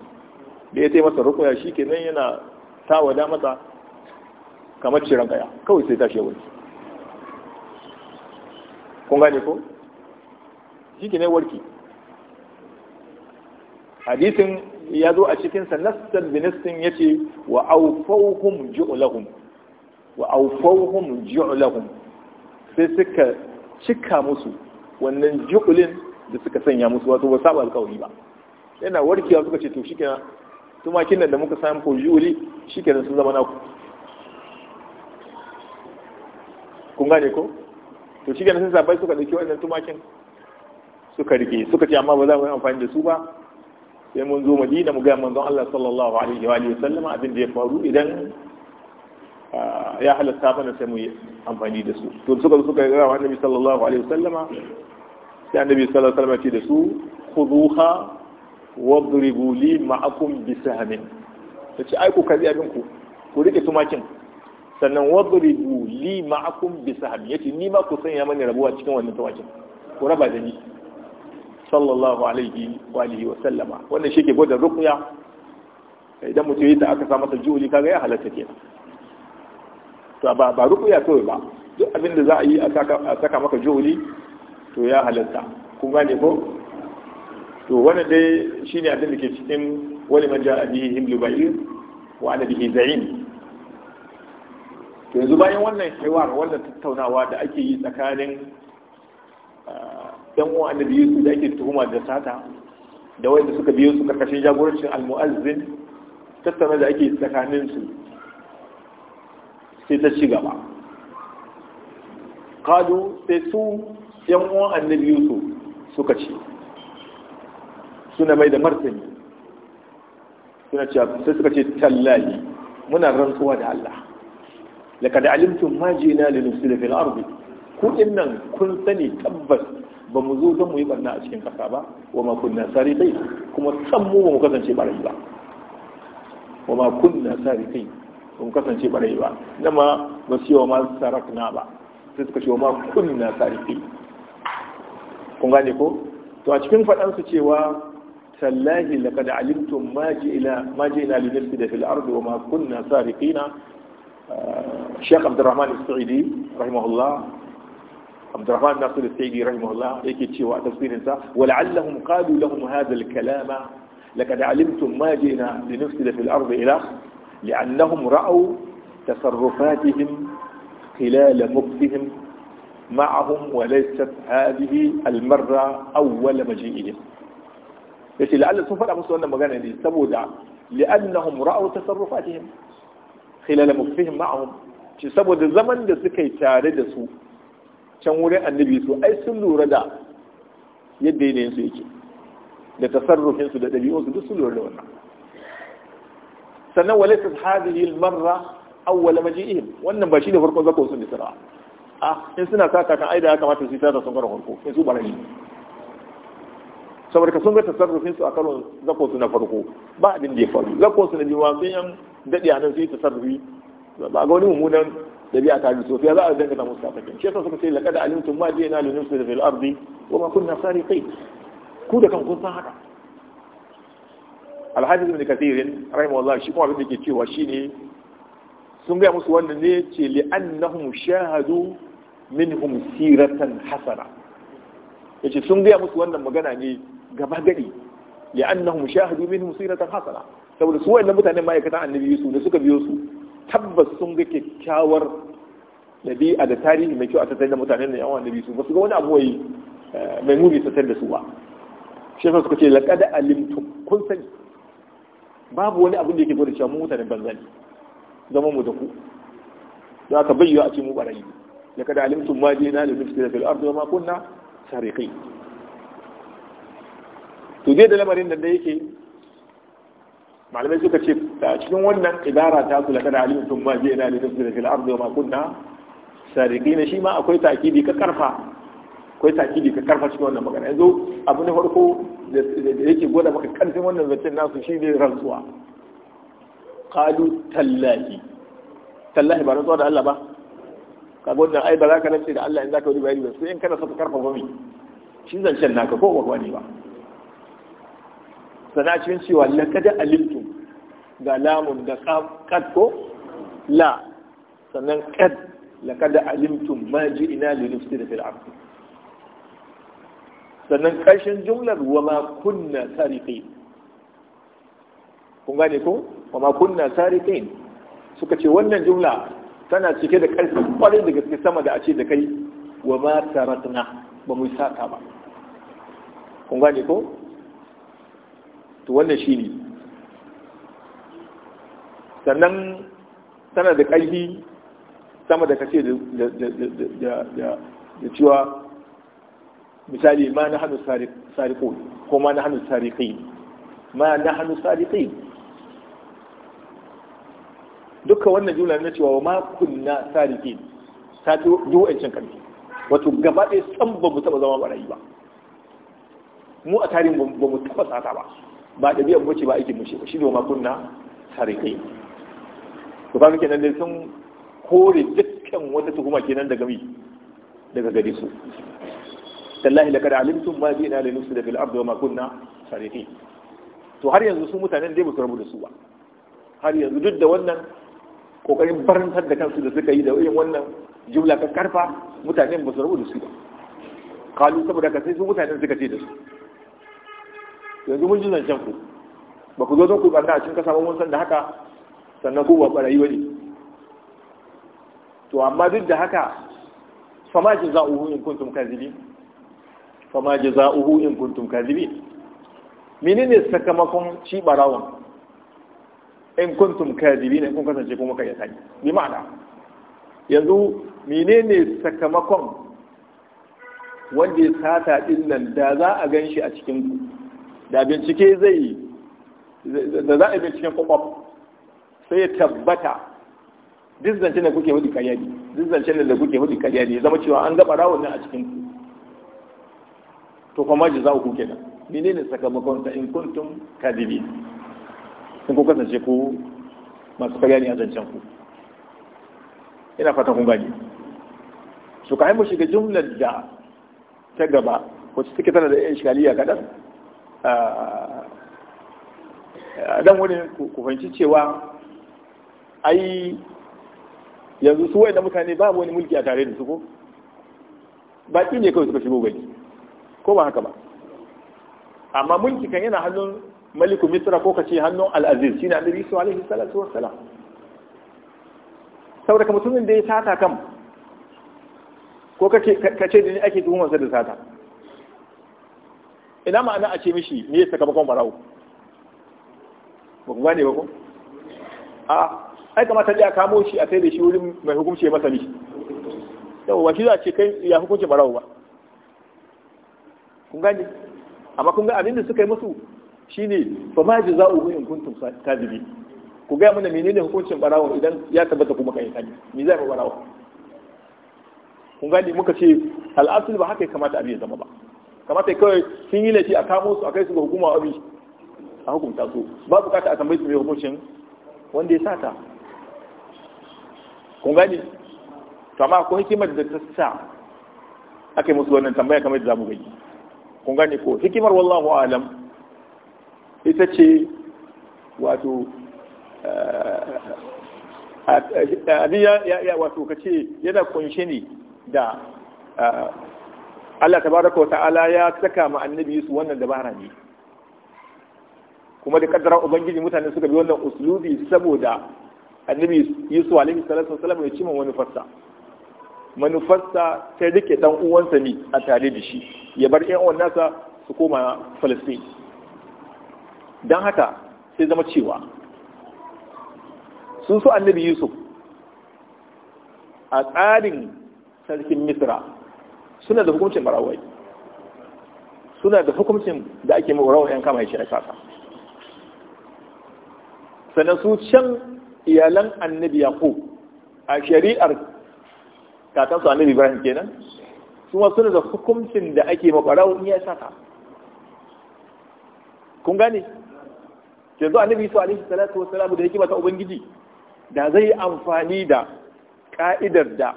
da ya taimasa ya shi ke nan yana tawada masa kamar ciran kaya kawai sai tashi wani kun gane ko shi ke ne warki hadisin ya zo a cikin sa nassan ya ce yace wa awfawhum ju'lahum wa awfawhum ju'lahum sai suka cika musu wannan ji'ulin da suka sanya musu wato ba saba alƙawari ba yana warkewa suka ce to shikenan tumakin nan da muka samu ko ju'uli shikenan sun zama naku kun gane ko to shikenan sun sabai suka dauki wannan tumakin suka rike suka ce amma ba za mu yi amfani da su ba sai mun zo madina mu ga manzon Allah sallallahu alaihi wa sallama abin da ya faru idan ya halatta mana sai mu yi amfani da su to suka suka ga annabi sallallahu alaihi wa sallama sai annabi sallallahu alaihi wa sallama ce da su khuduha wadribu li ma'akum bisahmin tace ai ku kazi abin ku ku rike tumakin sannan wadribu li ma'akum bisahmin yace ni ma ku sanya mani rabuwa cikin wannan tumakin ku raba da ni sallallahu alaihi wa alihi wa sallama wannan shi ke gwada ruqya idan mutum yi ta aka sa masa juhuli kaga ya halatta kenan to ba ba ruqya kawai ba duk abin da za a yi a saka maka juli to ya halatta kun gane ko to wannan dai shine abin da ke cikin wani man ja'a bihi himlu ba'ir wa ana bihi za'in to yanzu bayan wannan haiwar wannan tattaunawa da ake yi tsakanin ah, yan uwan annabi yusuf da ake tuhuma da sata da wanda suka biyo su karkashin jagorancin almu'azzin tattauna da ake tsakanin su sai ta ci gaba kadu sai su yan uwan annabi yusuf suka ce suna mai da martani suna cewa sai suka ce tallahi muna rantsuwa da Allah laqad alimtum ma jina linusila fil ardi ku innan kun sani tabbas ba mu zo don mu yi barna a cikin ƙasa ba wa ma kunna sari kai kuma san mu ba mu kasance barayi ba wa ma kunna sarikai ba mu kasance barayi ba na ma ba su yi wa ma sarak na ba sai suka ce wa ma kunna sari kai kun gane ko to a cikin faɗansu cewa tallahi laqad alimtum ma ji'ina ma ji'ina li da fil ardi wa ma kunna sariqina Sheikh Abdurrahman As-Sa'idi rahimahullah عبد الرحمن ناصر السيدي رحمه الله هيك شيء وتفسير ولعلهم قالوا لهم هذا الكلام لقد علمتم ما جئنا لنفسد في الأرض الى لأنهم رأوا تصرفاتهم خلال مكثهم معهم وليست هذه المرة أول مجيئهم يقول لعل سوف أقول سؤالنا مغانا دي سبودا لأنهم رأوا تصرفاتهم خلال مكثهم معهم سبودا الزمن دسكي تارد سوء can wurin annabi su ai sun lura da yadda yanayin su yake da tasarrufin su da ɗabi'un su duk sun lura da wannan sannan wale su hadhihi yi marra awwal maji'ihim wannan ba shi ne farkon zakon sun nisra a ah, in suna sa kakan, kan aida ya kamata su yi tada sun gara farko in su barayi saboda ka sun ga tasarrufin su a karon zakon su na farko ba abin da ya faru zakon su na biyu ma sun yan daɗi a nan su yi tasarrufi ba ga wani mummunan dabi'a ta rusu ya za a dangana musu kafakin shi yasa suka ce laqad alimtum ma ji'na li nufsida fil ardi wa ma kunna sariqin ku da kan kun san haka alhaji ibn kathir rahimahullah shi kuma abin da ke cewa shi ne, sun gaya musu wannan ne ce li an na li'annahum shahadu minhum siratan hasana ce sun gaya musu wannan magana ne gaba gadi li'annahum shahadu minhum siratan hasana saboda su wayannan mutanen ma'aikatan annabi Yusuf da suka biyo su tabbas sun ga kyakkyawar ɗabi'a da tarihi mai kyau a tattalin da mutanen da yawan da su ba su ga wani abu wai eh, mai muni tattalin da su ba shi yasa suka ce da alimtu kun sani babu wani abin da yake gwada cewa mutanen banzani zama mu da ku za ka bayyana a ce mu barayi da alimtu ma jina lil mufsidina da ardi wa ma kunna sariqin to dai da lamarin da yake malamai suka ce a cikin wannan ibara ta su lakada alimin sun ma je ina ne tafi da fil ardi wa ma kunna sariqina shi ma akwai takidi ka karfa akwai takidi ka karfa cikin wannan magana yanzu abu na farko da yake gwada maka karfin wannan zancen nasu shi ne rantsuwa Kalu tallahi tallahi ba rantsuwa da Allah ba kaga wannan ai ba za ka nace da Allah in za ka wani bayani ba sai in kana saka karfa ba mi shi zancen naka ko ba kwani ba sana cikin cewa laqad alimtum ga lamun da qad ko la sannan qad laqad alimtum ma ji'ina li nufsida da ard sannan ƙarshen jumlar wa ma kunna sariqin kun gane ko wa ma kunna sariqin suka ce wannan jumla tana cike da ƙarfin kwarai da gaske sama da a ce da kai wa ma taratna ba mu sata ba kun gane ko to wannan shi ne sannan tana da ƙarfi sama da kashe da cewa misali ma na hannun sariko ko ma na hannun sariƙi ma na hannun sariƙi dukkan wannan jula na cewa ma kunna sariƙi ta fi duwancin ƙarfi wato gaba ɗaya san ba mu taɓa zama ba mu a tarihin ba mu taɓa tsata ba ba ɗabi'ar mace ba ake mushe ba shi ne makunna sarikai to kaga kenan ne sun kore dukkan wata tuhuma kenan daga mi daga gare su tallahi kada alimtum ma bina lil nusri fil ardi wa ma kunna sariqin to har yanzu su mutanen dai basu rabu da su ba har yanzu duk da wannan kokarin barantar da kansu da suka yi da irin wannan jumla ka karfa mutanen su rabu da su ba kalu saboda ka sai su mutanen suka ce da su yanzu mun ji zancen ku ba ku zo zo ku ɓarna a cikin kasa ba mun san da haka sannan ku ba ɓarayi wani to amma duk da haka fama jaza'uhu in kuntum kadhibin fama jaza'uhu in kuntum mini ne sakamakon ci barawon in kuntum kazibi ne kun kasance kuma kai yi bi ma'ana yanzu ne sakamakon wanda ya sata ɗin nan da za a ganshi a cikin ku da bincike zai da za a binciken kwakwaf sai ya tabbata duk ne da kuke karyari? karya ne duk ne da kuke hudu karyari ne ya zama cewa an gaba rawon nan a cikin ku to kuma ji za ku kenan menene sakamakon ta in kuntum kadibi in ku kasance ku masu karyari ne a zancen ku ina fatan kun gani su ka mu shiga jumlar da ta gaba wacce take tana da yan shaliya kadan dan wani ku fahimci cewa ai yanzu su wayan mutane ba wani mulki a tare da su ko baki ne kawai suka shigo gari ko ba haka ba amma mulki kan yana hannun maliku misra ko kace hannun al-aziz shine annabi isa alaihi salatu wassalam ka mutumin da ya sata kam ko kace kace da ni ake tuhumar sa da sata ina ma'ana a ce mishi ne ya sakamakon barawo ba ku gane ba ko a aika kamata ya kamo shi a sai da shi wurin mai hukunci ya masa yau wa shi za ce kai ya hukunci barawo ba kun gane amma kun ga abin da suka yi musu shine fa ma jaza'uhu in kuntum kadibin ku ga mana menene hukuncin barawo idan ya tabbata kuma kai kani me zai ba barawo kun gane muka ce al'asul ba haka ya kamata abin ya zama ba kamata kawai sun yi laifi a kamo su a kai su ga hukuma abi a hukunta su ba bukata a tambayi su mai hukuncin wanda ya sata kun gani to amma akwai hikimar da ta sa aka yi musu wannan tambaya kamar da za mu gani kun gani ko hikimar wallahu alam ita ce wato eh, eh, eh, abin ya wato ka ce yana kunshe ne da Allah tabaraka wa ta'ala ya saka ma annabi su wannan dabara ne kuma da kaddara ubangiji mutane suka bi wannan uslubi saboda annabi Yusuf alaihi salatu wasallam ya cima wani fassa manufarsa ta rike dan uwansa ne a tare da shi ya bar 'yan uwan nasa su koma Falastin dan haka sai zama cewa sun so annabi Yusuf a tsarin sarkin Misra suna da hukuncin marawai suna da hukuncin da ake rawar yan kama shi na kasa sannan su can iyalan annabi yaqub a shari'ar katansu annabi ibrahim kenan su ma suna da hukuncin da ake maɓarawo in ya saka kun gane yanzu annabi su alaihi salatu wassalamu da yake mata ubangiji da zai amfani da ka'idar da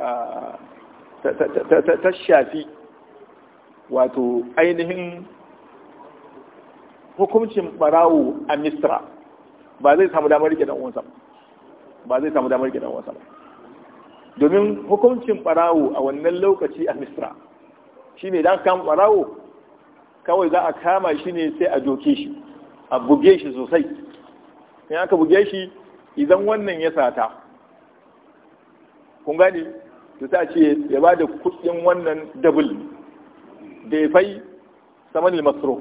ah, ta shafi wato ainihin hukuncin barawo a misra ba zai samu damar rike dan uwansa ba zai samu damar rike dan uwansa domin hukuncin barawo a wannan lokaci a misra shine idan kama barawo kawai za a kama shi ne sai a doke shi a buge shi sosai in aka buge shi idan wannan ya sata kun gani to sai ce ya ba da kuɗin wannan dabul da ya fai saman masro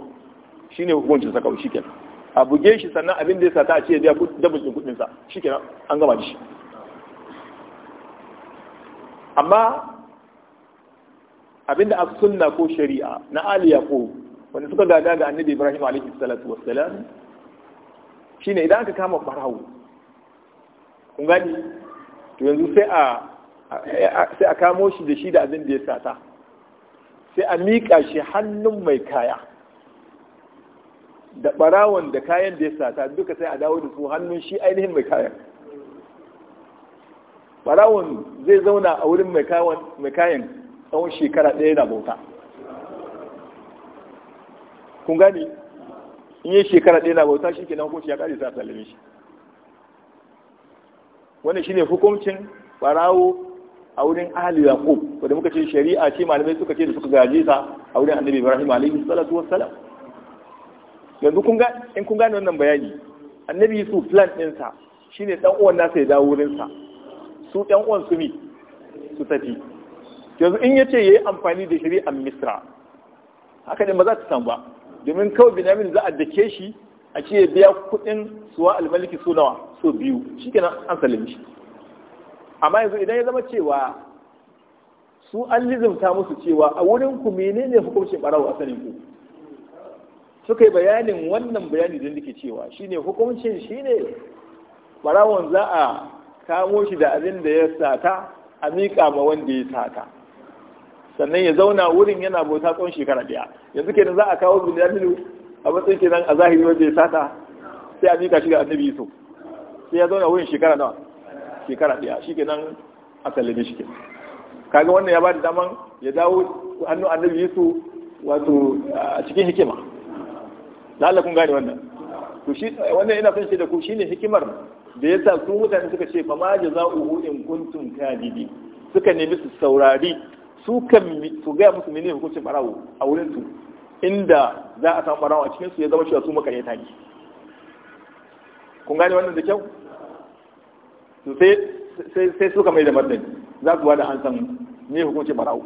shi ne hukuncin sa kawai shikenan a buge shi sannan abin da ya sata ta ce ya biya dabul ɗin kudin sa shikenan an gama shi amma abin da sunna ko shari'a na ali ko wanda suka gada ga annabi ibrahim alaihi salatu wassalam shine idan aka kama farawo kun gani to yanzu sai a sai a kamo shi da shi da abin da ya sata sai a miƙa shi hannun mai kaya da ɓarawon da kayan da ya sata duka sai a dawo da su hannun shi ainihin mai kayan ɓarawon zai zauna a wurin mai kayan tsawon shekara ɗaya na bauta kun gani in yi shekara ɗaya na bauta shi ke nan hukunci ya ƙari sa salame shi wannan shine hukuncin ɓarawo a wurin ahli yaqub wanda muka ce shari'a ce malamai suka ce da suka gaje ta a wurin annabi ibrahim alayhi salatu wassalam yanzu kun ga in kun gane wannan bayani annabi su plan din sa shine dan uwan nasa ya dawo wurin sa su dan uwan su mi su tafi yanzu in yace yayi amfani da shari'ar misra haka ne ba za ta samu ba domin kawai binamin za a dake shi a ce biya kuɗin suwa almaliki su nawa so biyu shikenan an salimi shi amma yanzu idan ya zama cewa su an lizimta musu cewa a wurin ku menene hukuncin barawo a sanin ku suka yi bayanin wannan bayani da nake cewa shine hukuncin shine barawon za a kamo shi da abin da ya sata a miƙa ma wanda ya sata sannan ya zauna wurin yana bauta tsawon shekara daya yanzu kenan za a kawo bilyamilu a matsayin kenan a zahiri wanda ya sata sai a miƙa shi ga annabi so sai ya zauna wurin shekara nawa shekara ɗaya shi kenan a sallame shi ke kaga wannan ya ba da daman ya dawo hannun annabi yusu wato a cikin hikima lalla kun gane wannan to shi wannan ina son shi da ku shine hikimar da yasa su mutane suka ce fama jaza'uhu in kuntum kadidi suka nemi su saurari su kan su ga musu menene hukuncin barawo a wurin su inda za a samu barawo a cikin su ya zama cewa su makaryata ne kun gane wannan da kyau to sai suka mai da martani za su wada an san ne hukunci barau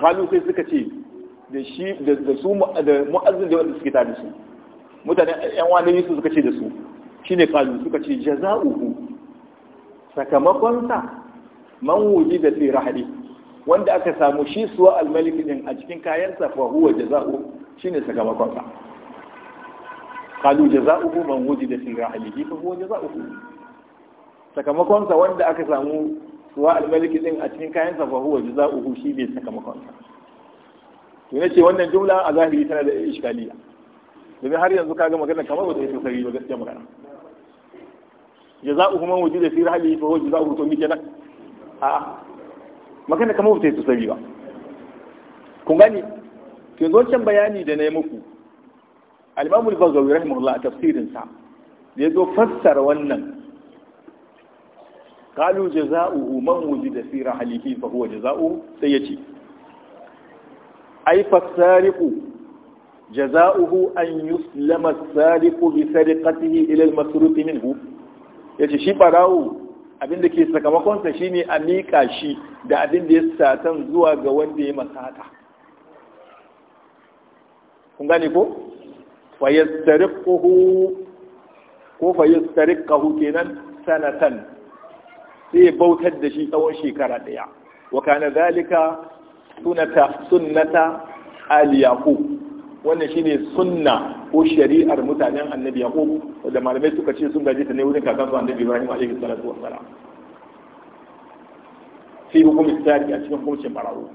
kalu sai suka ce da shi da su da mu'azzin da wanda suke tare su mutane yan wani yusuf suka ce da su shine kalu suka ce jaza'uhu sakamakon sa man wuji da fi rahadi wanda aka samu shi suwa almaliki din a cikin kayansa fa huwa jaza'u shine sakamakon sa kalu jaza'uhu man wuji da fi rahadi fa huwa jaza'uhu sakamakonsa wanda aka samu suwa almaliki din a cikin kayansa fa huwa jaza'uhu shi ne sakamakonsa to ne ce wannan jumla a zahiri tana da iskaliya domin har yanzu kaga magana kamar ba ta yi sosai ba gaskiya magana jaza'uhu man wujida fi rahli fa huwa jaza'uhu to mike nan a magana kamar ba ta yi sosai ba kun gani ke zo bayani da na yi muku al al bazawi rahimahullah tafsirin sa da ya zo fassara wannan kalu jaza'uhu man wujida fi rahlihi fa huwa jazaohu sai yace ai fasariqu jaza'uhu an yuslama as-sariqu bi sariqatihi ila al-masruq minhu yace shi barawo abinda ke sakamakon sa shine a shi da abinda ya satan zuwa ga wanda ya masaka kun gane ko fa yastariquhu ko fa yastariquhu kenan sanatan sai ya bautar da shi tsawon shekara daya wa kana zalika sunata sunnata Aliyahu. yaqub wannan shine sunna ko shari'ar mutanen annabi yaqub da malamai suka ce sun gaje ta ne wurin kakansu annabi ibrahim alaihi salatu wassalam fi hukumin tsari a cikin hukuncin barawo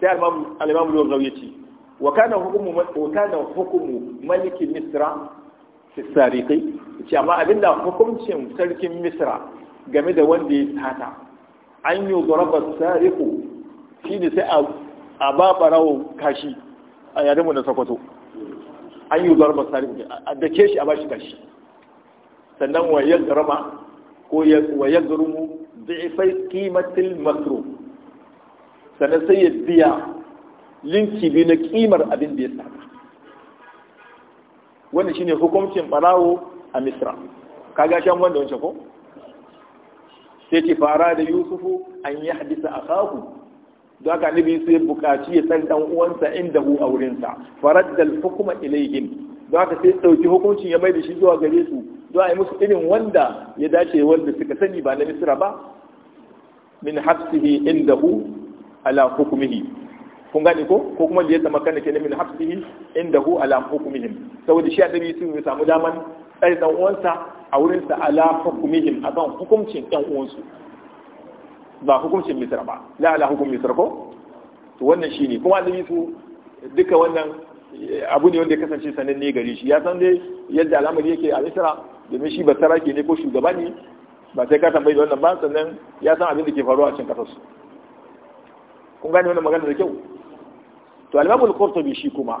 sai al-imam al ce wa kana hukumu wa kana hukumu maliki misra fisarikai ce amma abinda hukuncin sarkin misra game da wanda ya tata an yi zuraba sariku shi ne sai a ba barawo kashi a yarinmu na sakwato an yi zuraba sariku a dake shi a ba shi kashi sannan wayar zurama ko wayar zurumu zai kimatil masro sannan sai ya biya linki biyu na kimar abin da ya sata wanda shine hukuncin ɓarawo a misra kaga shan wanda wancan ko sai ce fara da yusufu an yi hadisa a kahu don haka nabi su ya bukaci ya san ɗan uwansa inda hu a wurinsa da hukuma ilayhim don haka sai ɗauki hukuncin ya mai da shi zuwa gare su don a yi musu irin wanda ya dace wanda suka sani ba na misra ba min hafsihi indahu ala hukumihi kun gane ko ko kuma da ya zama kana kenan min hafsihi hu ala hukumihim saboda shi annabi sun ya samu daman tsari dan uwansa a wurin sa ala hukumihim akan hukuncin ɗan uwansu ba hukuncin misra ba la ala hukum misra ko to wannan shine kuma annabi su duka wannan eh, abu ne wanda ya kasance sananne gare shi ya san dai yadda al'amari yake a misra domin shi ba ke ne ko shugaba ne ba sai ka tambayi wannan ba sannan ya san abin da ke faruwa a cikin kasarsu kun gane wannan magana da kyau to al-imamul qurtubi shi kuma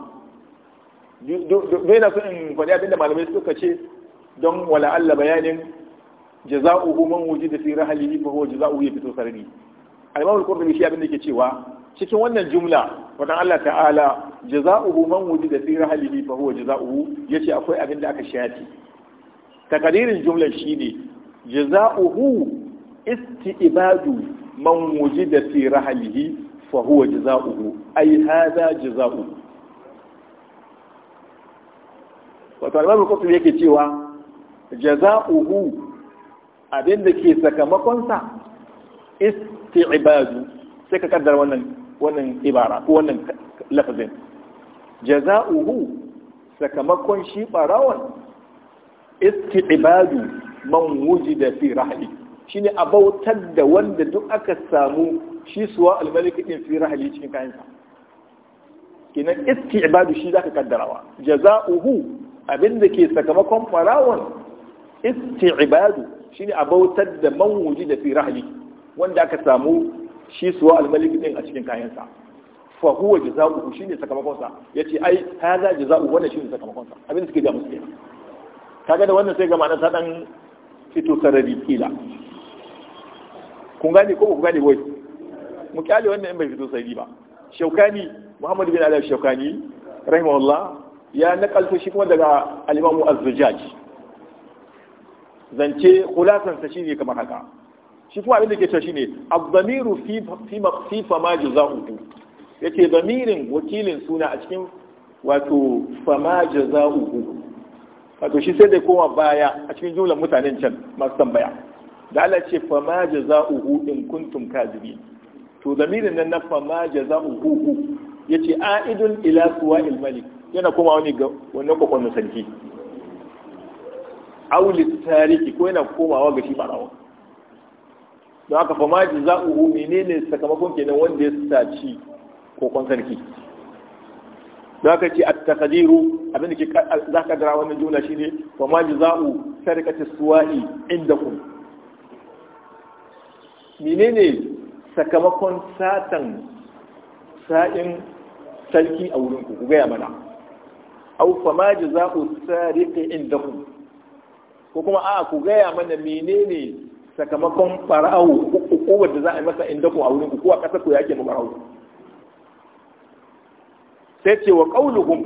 bai na in faɗi abinda malamai suka ce don wala alla bayanin jaza'uhu man wujida fi rahlihi fa huwa jaza'uhu ya fito sarari al-imamul qurtubi shi abinda ke cewa cikin wannan jumla wadan Allah ta'ala jaza'uhu man wujida fi rahlihi fa huwa jaza'uhu yace akwai abinda aka shati takadirin jumlar shine jaza'uhu isti'badu man wujida fi rahlihi fa huwa jaza'uhu ai hadha jaza'u wato al-imam yake cewa jaza'uhu abinda ke sakamakon sa isti'badu sai ka kaddara wannan wannan ibara ko wannan lafazin jaza'uhu sakamakon shi barawon isti'badu man wujida fi rahli shine a bautar da wanda duk aka samu shi suwa almaliki din fi rahali cikin kayansa kenan ibadu shi zaka kaddarawa abin abinda ke sakamakon farawon shi shine a bautar da man da fi rahali wanda aka samu shi suwa almaliki din a cikin kayansa fa huwa jaza'uhu shine sakamakon sa yace ai hadha jaza'u wannan shine sakamakon sa abinda suke ga musu kaga da wannan sai ga ma'anar ta dan fito sarari kila kun gane ko ku gane wai mu kyale wannan in bai fito sai ba shaukani muhammad bin ali shaukani rahimahullah ya nakalto shi kuma daga al-imamu az-zujaj zance khulasan sa shine kamar haka shi kuma abin da ke cewa shine ad-damiru fi fi fi fama jazaa'uhu yace damirin wakilin suna a cikin wato fama jazaa'uhu wato shi sai da koma baya a cikin jumlar mutanen can masu tambaya da Allah ce fa ma jaza'uhu in kuntum kadibin to zamirin nan na fa ma jaza'uhu yace a'idun ila suwa'il malik yana kuma wani ga wani kokon sarki auli tariki ko yana komawa ga shi farawa don haka fa ma jaza'uhu menene sakamakon kenan wanda ya saci kokon sarki don haka ce a takadiru abinda ke za ka dara wannan juna shine fa ma jaza'u sarqati suwa'i indakum menene sakamakon satan sa'in sarki a wurin ku gaya mana au fa ma jaza'u sariqi indakum ko kuma a ku gaya mana menene sakamakon fara'au ko wanda za a yi masa indakum a wurin ko a kasar ku yake mu fara'au sai ce wa qauluhum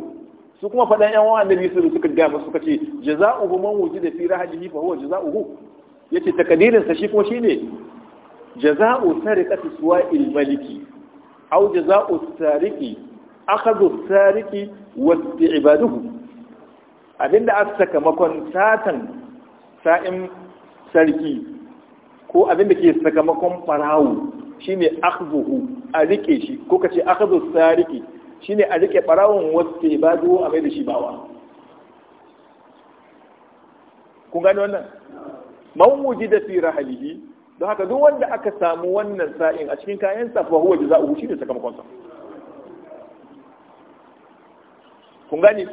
su kuma faɗan yan wa'an nabi su suka ga musu suka ce jaza'uhu man wujida fi rahihi fa huwa jaza'uhu yace takadirin sa shi kuma shine jaza'u tariqati suwa'il maliki aw jaza'u tariqi akhadhu tariqi wa ibaduhu abinda aka sakamakon satan sa'in sarki ko abinda ke sakamakon farawo shine akhzuhu a rike shi ko kace akhadhu tariqi shine a rike barawon wasu ibadu a mai da shi bawa kun gani wannan man wujida fi rahalihi don haka duk wanda aka samu wannan sa'in a cikin kayan safuwa huwa jaza'uhu shine sakamakon sa kun gane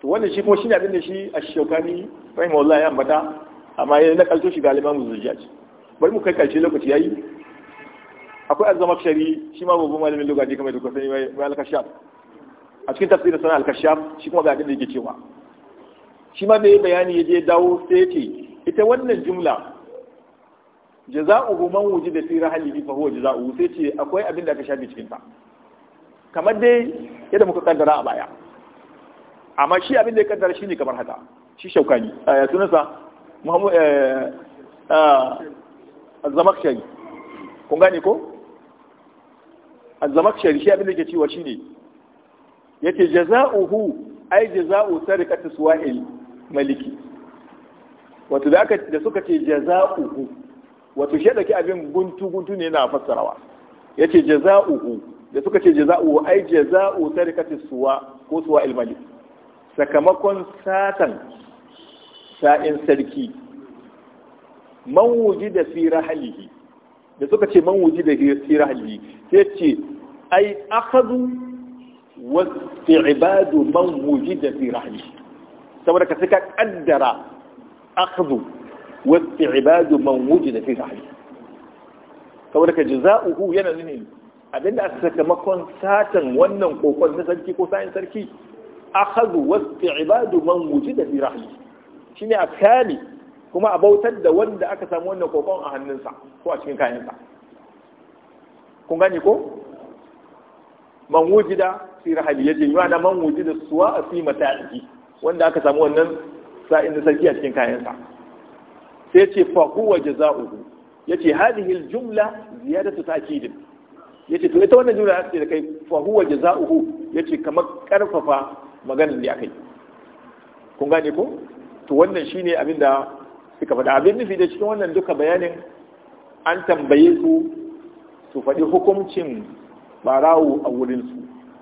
to wannan shi kuma shi ne abinda shi a shaukani rahimahullah ya ambata amma ya kalto shi ga al-Imam bari mu kai karshe lokaci yayi akwai azama shari shi ma babu malamin lokaci kamar da kuka sani mai al a cikin tafsirin sana al shi kuma ga abinda da yake cewa shi ma da ya bayani ya je dawo sai ya ce ita wannan jumla jaza'uhu man wujida fi rahlihi fa huwa jaza'uhu sai ce akwai abin da aka shafe cikin sa kamar dai yadda muka kaddara a baya amma shi abin da ya kaddara shine kamar haka shi shaukani ya eh, sunansa muhammad eh, eh az-zamakhshari kun gane ko az-zamakhshari shi abin da yake cewa shine yace jaza'uhu ai jaza'u sarqati suwa'il maliki wato da aka da suka ce jaza'uhu wato shi dake abin guntu guntu ne na fassarawa yace jaza'uhu da suka ce jaza'uhu ai jaza'u tarikati suwa ko suwa ilmali sakamakon satan sa'in sarki man wujida fi rahlihi da suka ce man wujida fi rahlihi sai ce ai akhadhu wasti'badu man wujida fi rahlihi saboda ka suka kaddara akhadhu ibadu man da fi sahbi kawai daga jaza'uhu yana nuni abinda aka sakamakon satan wannan kokon na sarki ko sayan sarki wasu ibadu man da fi shi ne a kyali kuma a bautar da wanda aka samu wannan kokon a hannunsa ko a cikin kayansa kun gani ko man wujida fi ya yace yana man da suwa fi aiki wanda aka samu wannan sa'in da sarki a cikin kayansa sai ce fa huwa jaza'uhu yace ce al-jumla ziyadatu ya ce to ita wannan jumla ce da kai fa huwa jaza'uhu ce kamar karfafa maganar da akai kun gane ko to wannan shine abin da suka faɗa abin nufi da cikin wannan duka bayanin an tambaye su su faɗi hukuncin barawo a wurinsu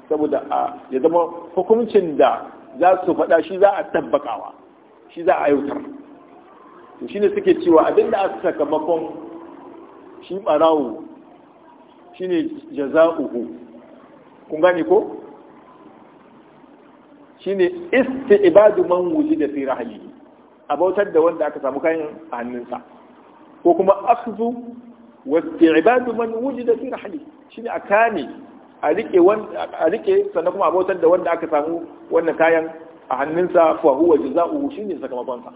saboda a ya zama hukuncin da za su faɗa shi za a tabbakawa shi za a yautar to shine suke cewa abinda aka sakamakon shi barawo shine jaza'uhu kun gane ko shine isti'badu man wulida fi rahlihi abautar da wanda aka samu kayan a hannunsa ko kuma akhdhu wasti'badu man wulida fi rahlihi shine a kame a rike sannan kuma abautar da wanda aka samu wannan kayan a hannunsa fa huwa shi shine sakamakonsa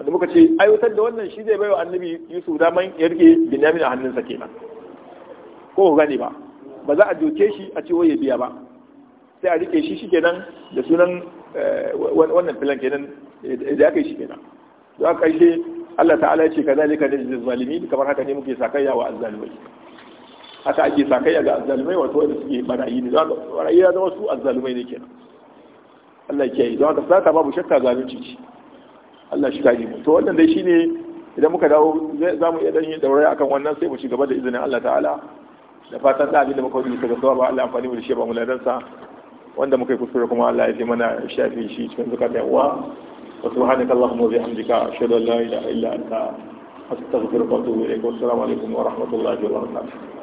wanda muka ce aiwatar da wannan shi zai baiwa annabi yusuf daman ya rike binyamin a hannunsa kenan ko gane ba ba za a doke shi a ce ya biya ba sai a rike shi shi kenan da sunan eh, wannan filan kenan da aka yi shi kenan to aka yi Allah ta'ala ya ce ka zalika da zalimi kamar haka ne muke sakayya wa azzalimai haka ake sakayya ga azzalimai wato wanda suke barayi ne za ka barayi ya zama su azzalumai ne kenan Allah ya kiyaye don haka saka babu shakka zalunci ce Allah shi kare mu to wannan dai shine idan muka dawo za mu iya dan yin daure akan wannan sai mu ci gaba da izinin Allah ta'ala da fatan da abin da muka yi daga ba Allah amfani mu da shi ba mu ladansa wanda muka yi kuskure kuma Allah ya ji mana shafi shi cikin zakatan uwa wa subhanaka allahumma wa bihamdika ashhadu an la ilaha illa anta astaghfiruka wa atubu ilaik wa assalamu alaikum wa rahmatullahi wa barakatuh